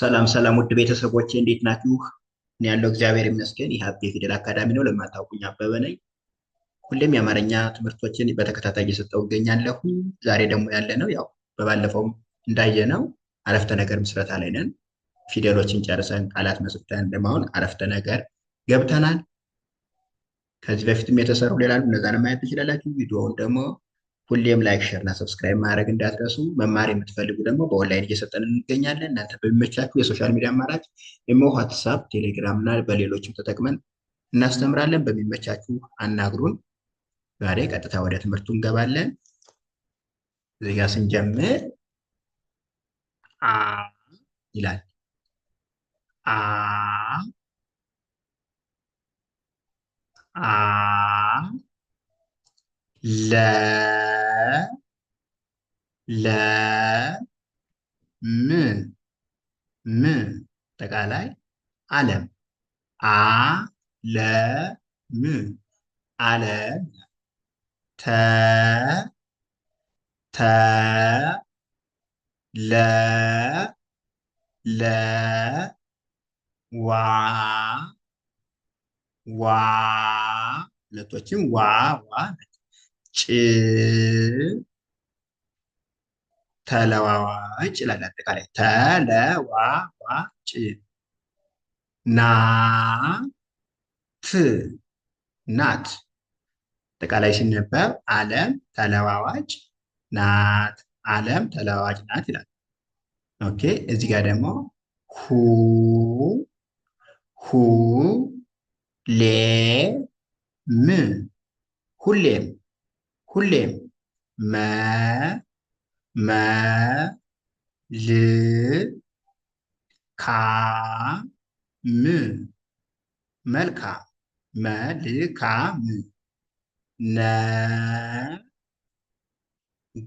ሰላም ሰላም ውድ ቤተሰቦች እንዴት ናችሁ? እኔ ያለው እግዚአብሔር ይመስገን። ይህ ሀብቴ ፊደል አካዳሚ ነው። ለማታውቁኝ አበበ ነኝ። ሁሌም የአማርኛ ትምህርቶችን በተከታታይ እየሰጠው እገኛለሁ። ዛሬ ደግሞ ያለ ነው ያው በባለፈውም እንዳየ ነው አረፍተ ነገር ምስረታ ላይ ነን። ፊደሎችን ጨርሰን ቃላት መስርተን ለማሆን አረፍተ ነገር ገብተናል። ከዚህ በፊትም የተሰሩ ሌላሉ እነዛን ማየት ትችላላችሁ። ቪዲዮውን ደግሞ ሁሌም ላይክ፣ ሼር እና ሰብስክራይብ ማድረግ እንዳትረሱ። መማር የምትፈልጉ ደግሞ በኦንላይን እየሰጠን እንገኛለን። እናንተ በሚመቻችሁ የሶሻል ሚዲያ አማራጭ ኢሞ፣ ዋትሳፕ፣ ቴሌግራም እና በሌሎችም ተጠቅመን እናስተምራለን። በሚመቻችሁ አናግሩን። ዛሬ ቀጥታ ወደ ትምህርቱ እንገባለን። እዚጋ ስንጀምር አ ይላል አ አ ለ ለ ም ም አጠቃላይ አለም አ ለ ም ዓለም ተ ተ ለ ለ ዋ ዋ ሁለቶችም ዋ ዋ ጭ ተለዋዋጭ ይላል። አጠቃላይ ተለዋዋጭ ናት ናት። አጠቃላይ ሲነበብ ዓለም ተለዋዋጭ ናት፣ ዓለም ተለዋዋጭ ናት ይላል። ኦኬ እዚህ ጋር ደግሞ ሁ ሁ ሌ ም ሁሌም ሁሌም መ መ ል ካ ም መልካም መልካም ነ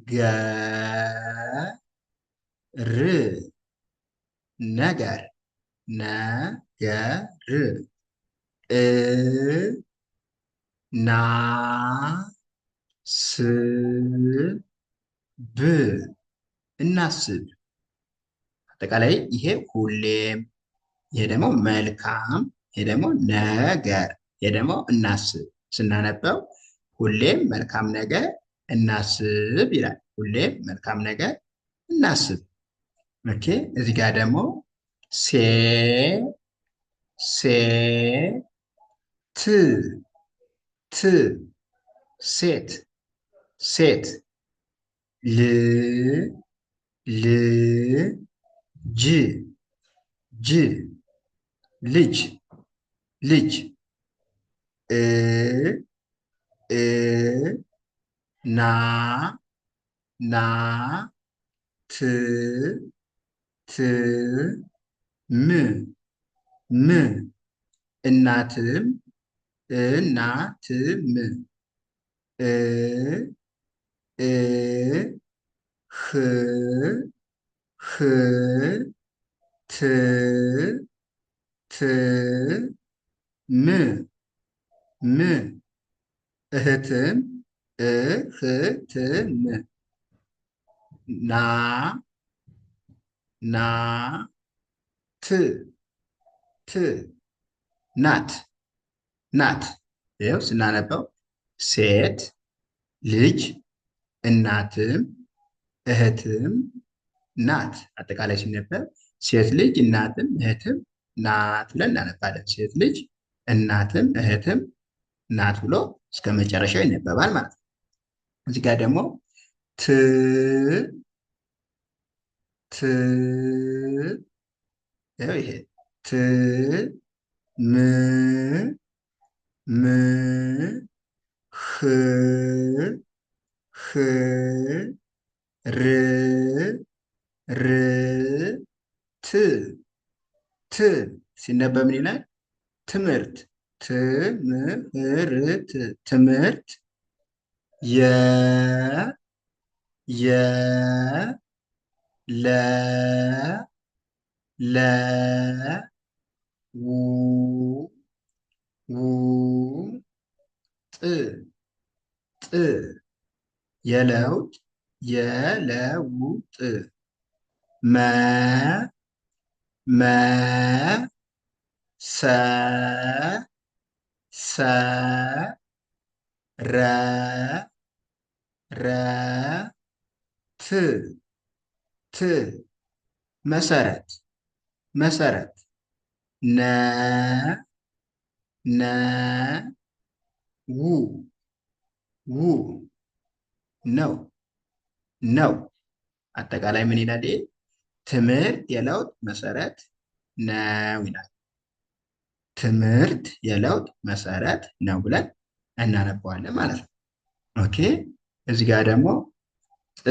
ገ ር ነገር ነገር እ ና ስብ እናስብ። አጠቃላይ ይሄ ሁሌም፣ ይሄ ደግሞ መልካም፣ ይሄ ደግሞ ነገር፣ ይሄ ደግሞ እናስብ። ስናነበው ሁሌም መልካም ነገር እናስብ ይላል። ሁሌም መልካም ነገር እናስብ። ኦኬ። እዚህ ጋር ደግሞ ሴ ሴ ት ት ሴት ሴት ል ል ጅ ጅ ልጅ ልጅ እ እ ና ና ት ት ም ም እናትም እናትም እ እ ህ ህ ት ት ም ም እህትም እህትም ና ና ት ት ናት ናት ይኸው ስናነበው ሴት ልጅ እናትም እህትም ናት። አጠቃላይ ሲነበብ ሴት ልጅ እናትም እህትም ናት ብለን እናነባለን። ሴት ልጅ እናትም እህትም ናት ብሎ እስከ መጨረሻው ይነበባል ማለት ነው። እዚህ ጋር ደግሞ ት ት ይሄ ት ም ም ህ ህ ር ር ት ት ሲነበብ ምን ይላል? ትምህርት ትምህርት ትምህርት የ የ ለ ለ ው ው ጥ ጥ የለውጥ የለውጥ መ መ ሰ ሰ ረ ረ ት ት መሰረት መሰረት ነ ነ ው ው ነው ነው። አጠቃላይ ምን ይላል? ትምህርት የለውጥ መሰረት ነው ይላል። ትምህርት የለውጥ መሰረት ነው ብለን እናነበዋለን ማለት ነው። ኦኬ እዚህ ጋር ደግሞ ጥ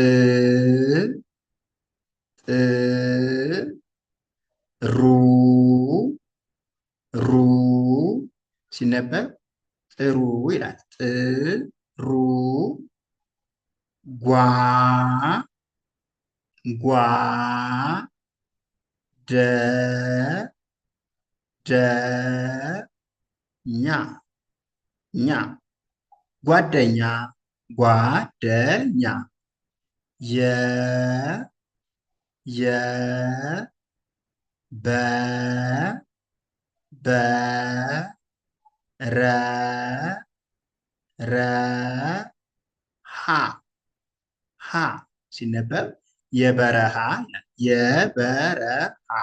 ጥ ሩ ሩ ሲነበብ ጥሩ ይላል። ጥሩ ጓ ጓ ደ ደ ኛ ኛ ጓደኛ ጓደኛ የ የ በ በ ረ ረ ሃ ሀ ሲነበብ የበረሃ የበረሃ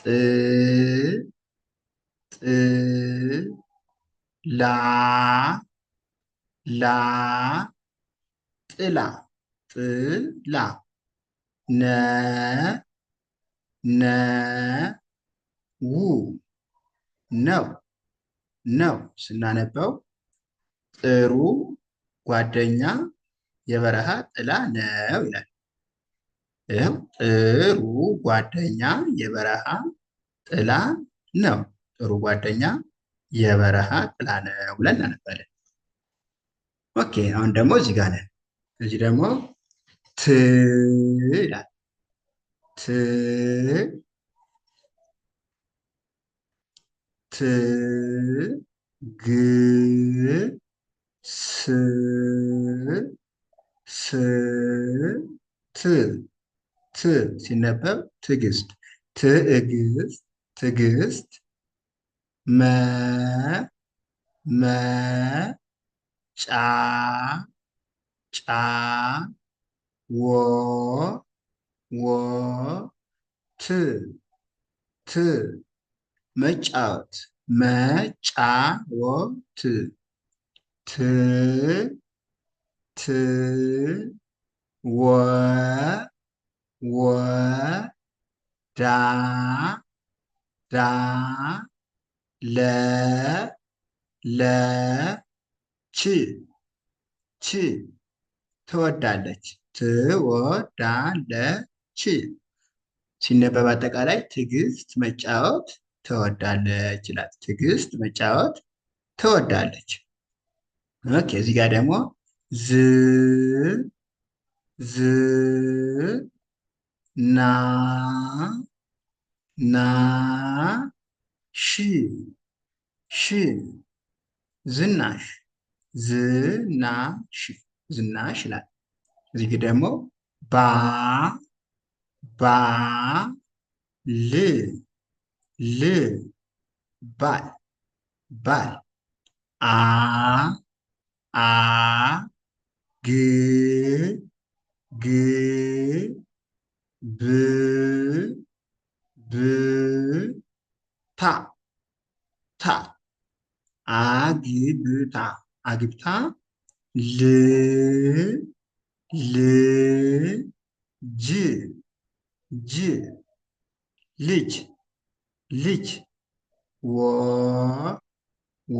ጥ ጥ ላ ላ ጥላ ጥላ ነ ነ ው ነው ነው ስናነበው ጥሩ ጓደኛ የበረሃ ጥላ ነው ይላል። ይህም ጥሩ ጓደኛ የበረሃ ጥላ ነው። ጥሩ ጓደኛ የበረሃ ጥላ ነው ብለን እናነባለን። ኦኬ አሁን ደግሞ እዚህ ጋር ነን። እዚህ ደግሞ ት ይላል ት ት ግ ስ ት ት ሲነበብ ትዕግስት ትዕግስት ትዕግስት መ መ ጫ ጫ ወ ወ ት ት መጫወት መጫወት ት ት ወ ወ ዳ ዳ ለ ለ ች ች ትወዳለች ትወዳለች ሲነበብ አጠቃላይ ትዕግስት መጫወት ትወዳለች ይላል። ትዕግስት መጫወት ትወዳለች። ኦኬ እዚህ ጋር ደግሞ ዝ ዝ ና ና ሽ ሽ ዝናሽ ዝናሽ ዝናሽ ይላል። እዚህ ደግሞ ባ ባ ል ል ባል ባል አ አ ግ ግ ብ ብ ታ ታ አግብታ አግብታ ል ል ጅ ጅ ልጅ ልጅ ወ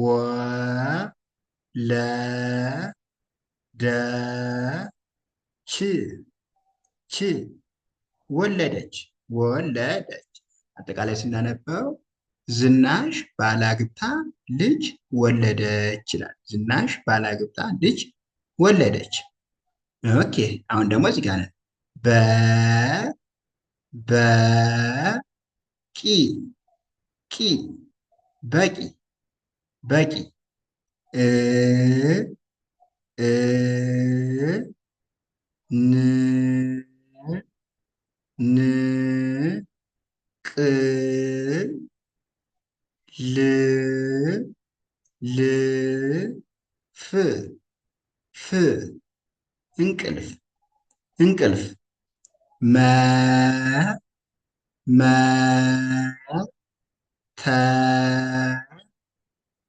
ወ ለ ደች ች ወለደች ወለደች አጠቃላይ ስናነበው ዝናሽ ባላግብታ ልጅ ወለደች ይላል። ዝናሽ ባላግብታ ልጅ ወለደች። ኦኬ አሁን ደግሞ እዚህ ጋር ነን። በ በቂ ቂ በቂ በቂ እ ን ን ቅ ል ል ፍ ፍ እንቅልፍ እንቅልፍ መ መ ተ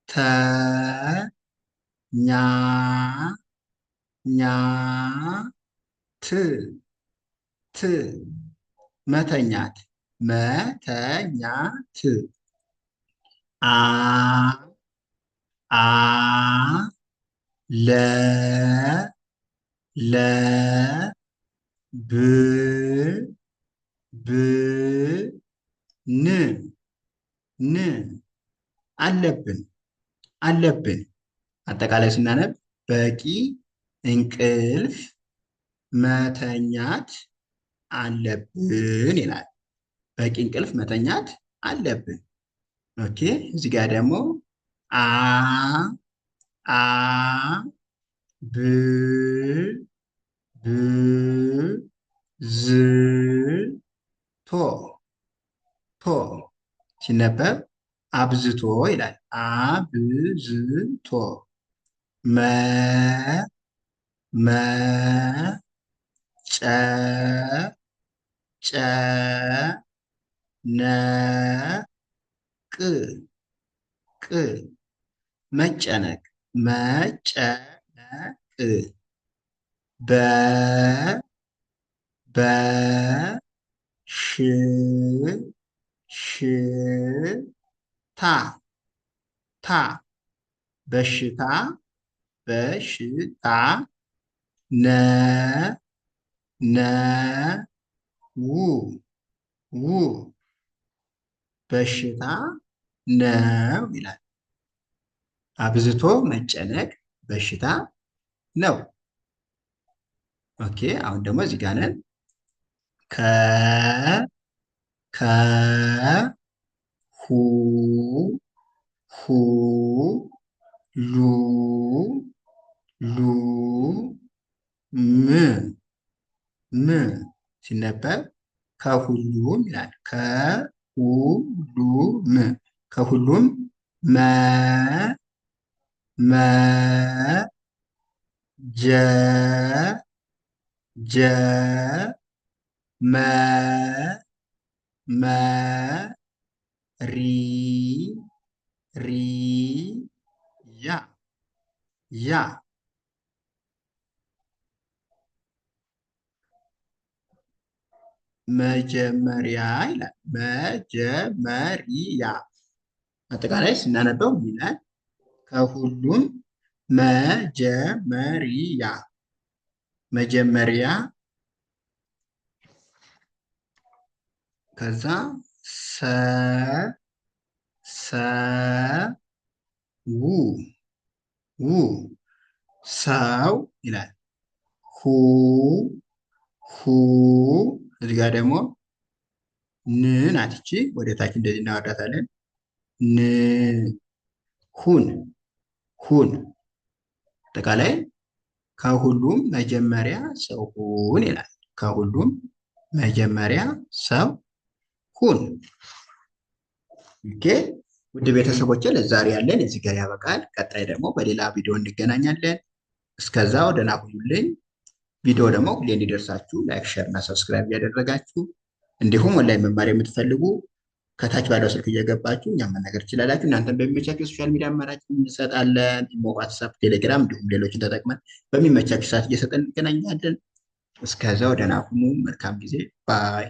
ተ ኛ ኛ ት ት መተኛት መተኛት አ አ ለ ለ ብ ብ ን ን አለብን አለብን አጠቃላይ ስናነብ በቂ እንቅልፍ መተኛት አለብን ይላል። በቂ እንቅልፍ መተኛት አለብን። ኦኬ እዚህ ጋር ደግሞ አ አ ብ ብ ዝ ቶ ቶ ሲነበብ አብዝቶ ይላል። አብዝቶ መ መጨጨነቅ ቅ መጨነቅ መጨነቅ በ በ ሽ ሽ ታ ታ በሽታ በሽታ ነ ነ ው ው በሽታ ነው ይላል። አብዝቶ መጨነቅ በሽታ ነው። ኦኬ አሁን ደግሞ እዚህ ጋር ነን። ከ ከ ሁ ሁ ሉ ሉ ም ም ሲነበብ ከሁሉም ይላል። ከሁሉም ከሁሉም መ መ ጀ ጀ መ መ ሪ ሪ ያ ያ መጀመሪያ ይላል። መጀመሪያ አጠቃላይ ስናነበው ይላል ከሁሉም መጀመሪያ መጀመሪያ ከዛ ሰ ሰ ው ው ሰው ይላል ሁ ሁ እዚህ ጋር ደግሞ ን ናት ወደ ታች እንደዚህ እናወርዳታለን። ን ሁን ሁን አጠቃላይ ከሁሉም መጀመሪያ ሰው ሁን ይላል። ከሁሉም መጀመሪያ ሰው ሁን። ኦኬ ውድ ቤተሰቦች ለዛሬ ያለን እዚህ ጋር ያበቃል። ቀጣይ ደግሞ በሌላ ቪዲዮ እንገናኛለን። እስከዛው ደህና ሁኑልኝ። ቪዲዮ ደግሞ ሁሌ እንዲደርሳችሁ ላይክ፣ ሼር እና ሰብስክራይብ እያደረጋችሁ እንዲሁም ኦንላይን መማር የምትፈልጉ ከታች ባለው ስልክ እየገባችሁ እኛም መናገር ትችላላችሁ። እናንተም በሚመቻችሁ የሶሻል ሚዲያ አማራጭ እንሰጣለን። ኢሞ፣ ዋትሳፕ፣ ቴሌግራም እንዲሁም ሌሎችን ተጠቅመን በሚመቻችሁ ሰዓት እየሰጠን እንገናኛለን። እስከዛው ደህና ሁኑ። መልካም ጊዜ ባይ